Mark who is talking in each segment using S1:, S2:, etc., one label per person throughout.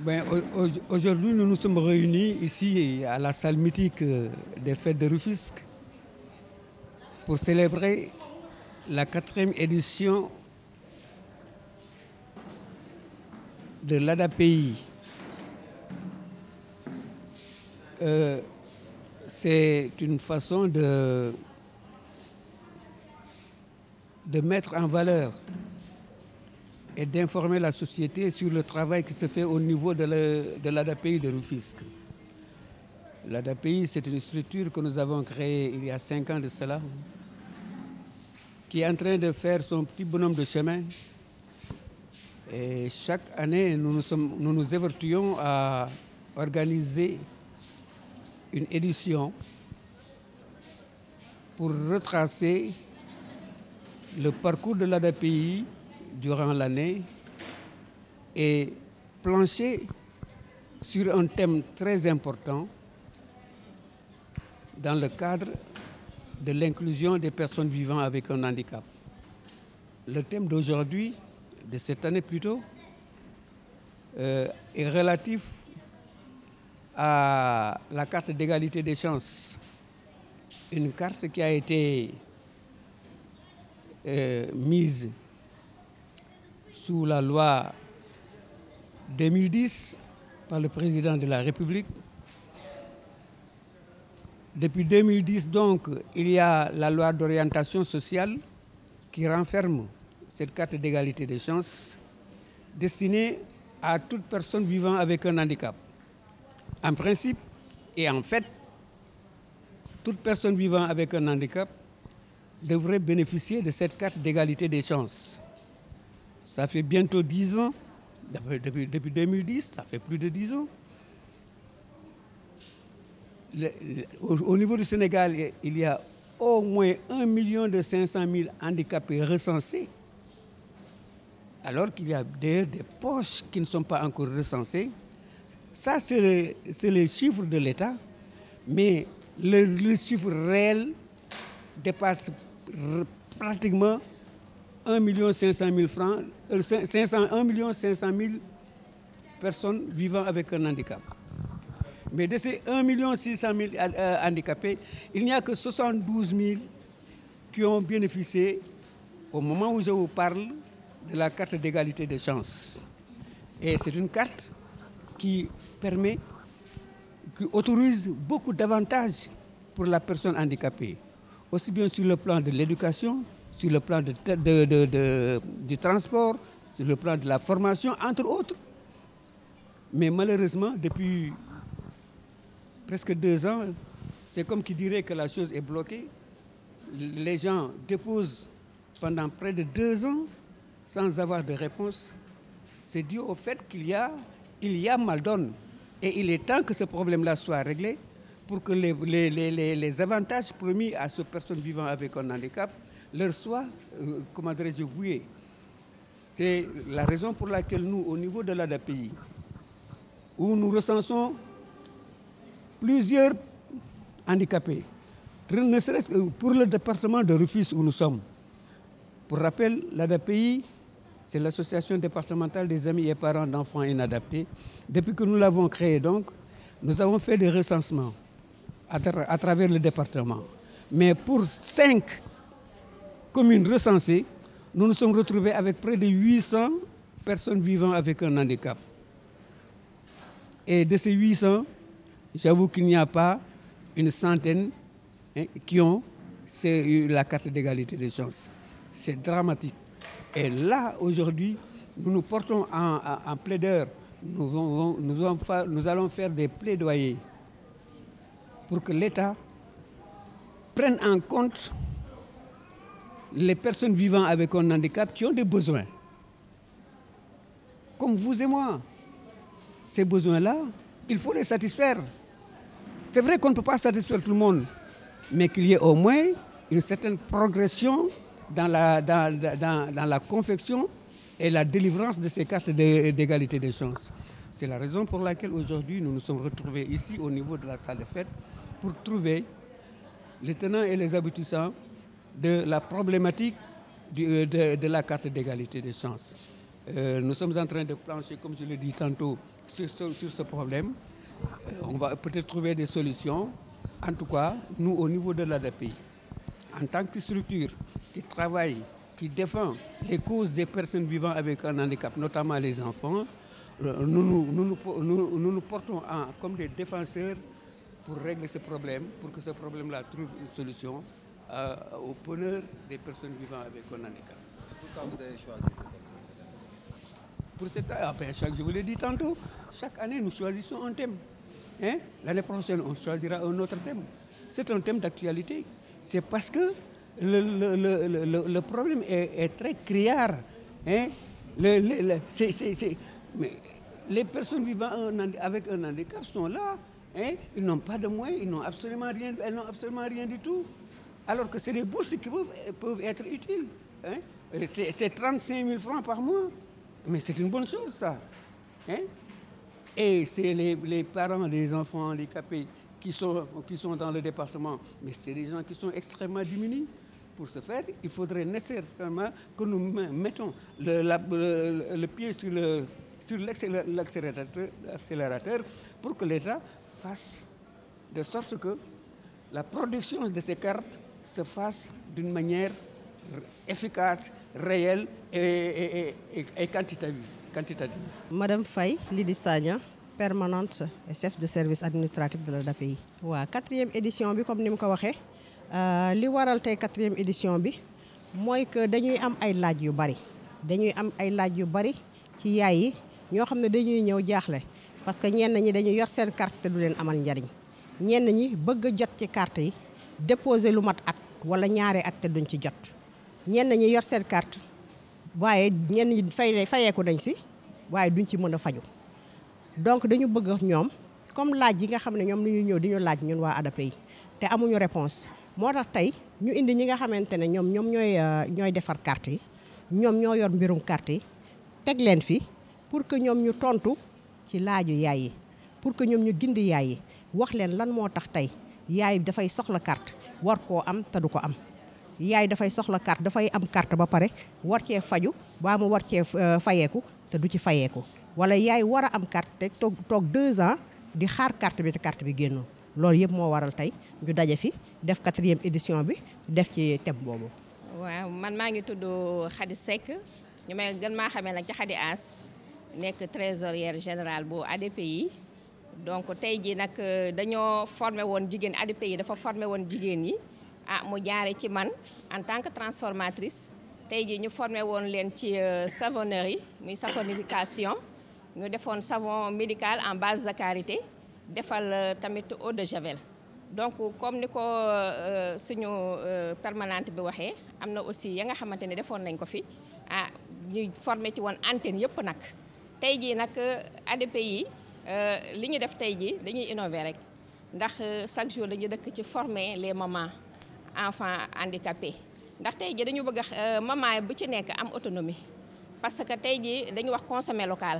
S1: Ben, aujourd'hui, nous nous sommes réunis ici à la salle mythique euh, des fêtes de Rufisque pour célébrer la quatrième édition de l'ADAPI. Euh, c'est une façon de de mettre en valeur et d'informer la société sur le travail qui se fait au niveau de l'ADAPI de, de Rufisque. L'ADAPI, c'est une structure que nous avons créée il y a cinq ans de cela, qui est en train de faire son petit bonhomme de chemin. Et chaque année, nous nous, sommes, nous, nous évertuons à organiser une édition pour retracer le parcours de l'ADPI durant l'année est planché sur un thème très important dans le cadre de l'inclusion des personnes vivant avec un handicap. Le thème d'aujourd'hui, de cette année plutôt, euh, est relatif à la carte d'égalité des chances, une carte qui a été euh, mise sous la loi 2010 par le président de la République. Depuis 2010, donc, il y a la loi d'orientation sociale qui renferme cette carte d'égalité des chances destinée à toute personne vivant avec un handicap. En principe et en fait, toute personne vivant avec un handicap devraient bénéficier de cette carte d'égalité des chances. Ça fait bientôt 10 ans, depuis, 2010, ça fait plus de 10 ans. au, niveau du Sénégal, il y a au moins 1,5 million de handicapés recensés, alors qu'il y a des, des poches qui ne sont pas encore recensées. Ça, c'est le, les chiffres de l'État, mais le, le chiffre réel dépasse pratiquement 1 million 500 000 francs, 500, euh, 500 personnes vivant avec un handicap. Mais de ces 1,6 million 600 euh, euh, handicapés, il n'y a que 72 000 qui ont bénéficié, au moment où je vous parle, de la carte d'égalité des chances. Et c'est une carte qui permet, qui autorise beaucoup d'avantages pour la personne handicapée aussi bien sur le plan de l'éducation, sur le plan du transport, sur le plan de la formation, entre autres. Mais malheureusement, depuis presque deux ans, c'est comme qui dirait que la chose est bloquée. Les gens déposent pendant près de deux ans sans avoir de réponse. C'est dû au fait qu'il y a, il y a mal donne. Et il est temps que ce problème-là soit réglé pour que les, avantages promis à ces personnes vivant avec un handicap leur soient, euh, comment dirais-je, voués. C'est la raison pour laquelle nous, au niveau de l'ADAPI, où nous recensons plusieurs handicapés, ne serait-ce que pour le département de Rufus où nous sommes. Pour rappel, l'ADAPI, c'est l'association départementale des amis et parents d'enfants inadaptés. Depuis que nous l'avons créée, donc, nous avons fait des recensements à, travers le département. Mais pour cinq communes recensées, nous nous sommes retrouvés avec près de 800 personnes vivant avec un handicap. Et de ces 800, j'avoue qu'il n'y a pas une centaine hein, qui ont eu la carte d'égalité des chances. C'est dramatique. Et là, aujourd'hui, nous nous portons en, en, plaideur. nous allons faire des plaidoyers pour que l'État prenne en compte les personnes vivant avec un handicap qui ont des besoins. Comme vous et moi, ces besoins-là, il faut les satisfaire. C'est vrai qu'on ne peut pas satisfaire tout le monde, mais qu'il y ait au moins une certaine progression dans la, confection et la délivrance de ces cartes d'égalité des chances. C'est la raison pour laquelle aujourd'hui nous nous sommes retrouvés ici au niveau de la salle de fête pour trouver les tenants et les aboutissants de la problématique euh, de, la carte d'égalité des chances. Euh, nous sommes en train de plancher, comme je l'ai dit tantôt, sur, ce problème. Euh, on va peut-être trouver des solutions. En tout cas, nous, au niveau de l'ADP, en tant que structure qui travaille, qui défend les causes des personnes vivant avec un handicap, notamment les enfants, euh, nous nous, nous, portons comme des défenseurs pour régler ce problème, pour que ce problème-là trouve une solution euh, au bonheur des personnes vivant avec un Pourquoi vous avez choisi Pour cette année ah ben, je vous l'ai dit tantôt, chaque année nous choisissons un thème. Hein L'année prochaine, on choisira un autre thème. C'est un thème d'actualité. C'est parce que le, problème est, très criard. Hein c'est mais les personnes vivant avec un handicap sont là. Hein? Ils n'ont pas de moyens, ils n'ont absolument rien, elles n'ont absolument rien du tout. Alors que c'est des bourses qui peuvent, euh, être utiles. Hein. C'est 35 000 francs par mois. Mais c'est une bonne chose, ça. Hein. Et c'est les, parents des enfants handicapés qui sont, qui sont dans le département. Mais c'est des gens qui sont extrêmement diminués. Pour ce faire, il faudrait nécessairement que nous mettons le pied sur le, sur l'accélérateur pour que l'État fasse de sorte que la production de ces cartes se fasse d'une manière efficace, réelle et, et, et, et quantitative,
S2: Madame Faye, Lydie Sagna, permanente et chef de service administratif de la DAPI. 4 quatrième édition comme nous l'avons dit, waxee li waral 4 quatrième édition bi moy euh, que dañuy am ay laaj yu bari dañuy am ay yu bari ci ñoo xam ne dañuy ñëw jaaxle parce que ñenn ñi dañuy yor seen carte te du leen amal njariñ ñeen ñi bëgg jot ci carte yi déposer lu mat at wala ñaare at te duñ ci jot ñenn ñi yor seen carte waaye ñenn ñi fay fayeeku nañ si waaye duñ ci mën a faju donc dañu bëgg ñoom comme laaj yi nga xam ne ñoom la ñuy ñëw di ñu laaj ñun waa ADAPEI yi te amuñu réponse moo tax tey ñu indi ñi nga xamante ne ñoom ñoom ñooy euh, ñooy defar carte yi ñoom ñoo yor mbirum kart yi teg leen fi pour que ñoom ñu tontu ci laaju yaay yi pour que ñoom ñu gindi yaay yi wax leen lan moo tax tey yaay dafay soxla carte war koo am te du ko am. yaay dafay soxla carte dafay am carte ba pare war cee faju baa mu war cee euh, fayeeku te du ci fayeeku wala yaay war a am carte te toog toog deux ans di xaar carte bi te carte bi génnoo loolu yëpp moo waral tey ñu daje fi def quatrième édition bi def ci thème boobu.
S3: waaw man maa ngi tudd Khady Seck ñu may gën maa xamee nag nek trésorière générale bu ADPI donc tey jii nag euh, dañoo formé woon jigéen ADPI dafa formé won jigen yi ah mu jaare ci man en tant que transformatrice tey jii ñu formé won len ci euh, savonnerie muy saponification ñu defoon savon médical en base de karité defal euh, tamit eau de javel donc comme niko suñu permanente bi waxé amna aussi ya nga xamante ne nañ ko fi ah ñuy formé ci won antenne yépp nak tey jii nag euh, adp ADPI euh, li ñu def tey jii dañuy innover rek ndax euh, chaque jour dañu dëkk ci former les mamans enfants handicapés ndax tey jii dañu bëgg maman bu ci nekk am autonomie parce que tey jii dañu wax consommer local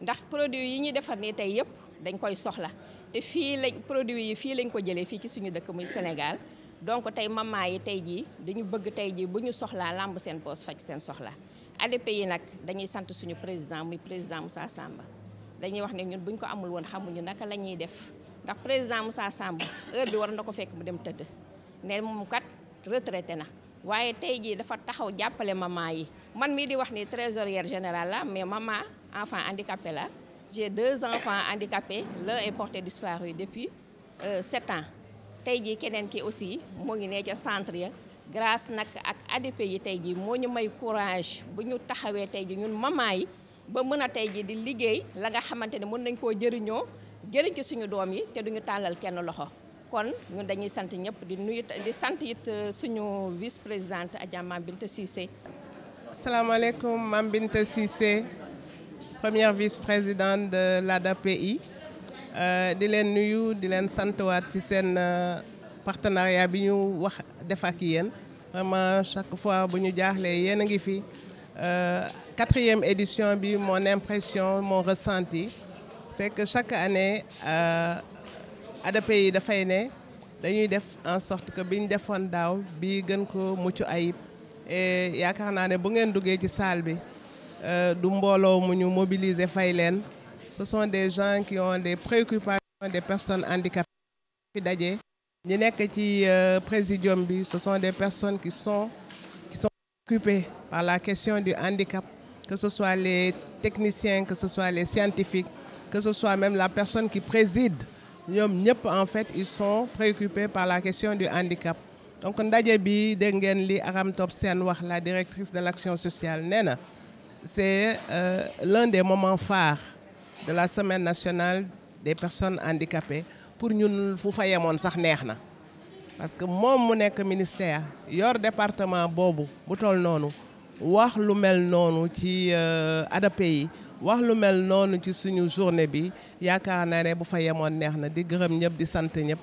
S3: ndax produit yi ñuy defar nii tey yëpp dañ koy soxla te fii lañ produit yi fii lañ ko jëlee fii ci suñu dëkk muy Sénégal donc tey maman yi tey jii dañu bëgg tey jii bu ñu soxlaa làmb seen poos faj seen soxla ADP yi nag dañuy sant suñu président muy président Moussa Samba dañuy wax ne ñun buñ ko amul naka def ndax président Moussa Samba heure bi war na ko fekk mu dem tëdd ne moom kat retraité na waaye tey jii dafa taxaw yi man mii di wax ni trésorière générale la mais mama enfant handicapé la j'ai deux enfants handicapés l'un est porté disparu depuis euh, sept ans tey santriya. ki aussi ngi centre ya grace nag ak ADP yi tey jii moo ñu may courage bu ñu taxawee tey jii ñun maman yi ba mën a tey jii di liggéey la nga xamante ne mën nañ koo jëriñoo jëriñ ci suñu doom yi te duñu tàllal kenn loxo kon ñun dañuy sant ñëpp di nuyu sant it euh, suñu vice présidente Adja Mame Binta Cissé.
S4: asalaamaaleykum Mame Binta Cissé première vice présidente de l'ADAPI euh, di leen nuyu di leen santwaat ci seen. Euh, partenariat bi ñu wax def ak yéen vraiment chaque fois bu ñu jaaxlee yéen a ngi fi euh, quatrième édition bi mon impression mon ressenti c'est que chaque année euh, pays dafay ne dañuy def en sorte que bi ñu defoon daaw bi gën ko mucc ayib et yaakaar naa ne bu ngeen duggee ci salle bi euh, du mbooloo mu mobiliser fay leen ce sont des gens qui ont des préoccupations des personnes handicapées fi euh, ce sont des personnes qui sont qui sont par la question du handicap que ce soit les techniciens que ce soit les scientifiques que ce soit même la personne qui préside en fait ils sont préoccupés par la question du handicap donc ndaje bi la directrice de l'action sociale NENA, c'est euh, l'un des moments phares de la semaine nationale des personnes handicapées pour nous, fu fa parce que mon ministère yor département bobo, bu toll noonu wax lu mel noonu ci euh, adapé wax journée bi bu fa di gërëm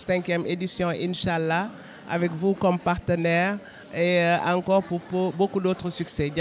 S4: cinquième édition inshallah avec vous comme partenaire et euh, encore pour beaucoup d'autres succès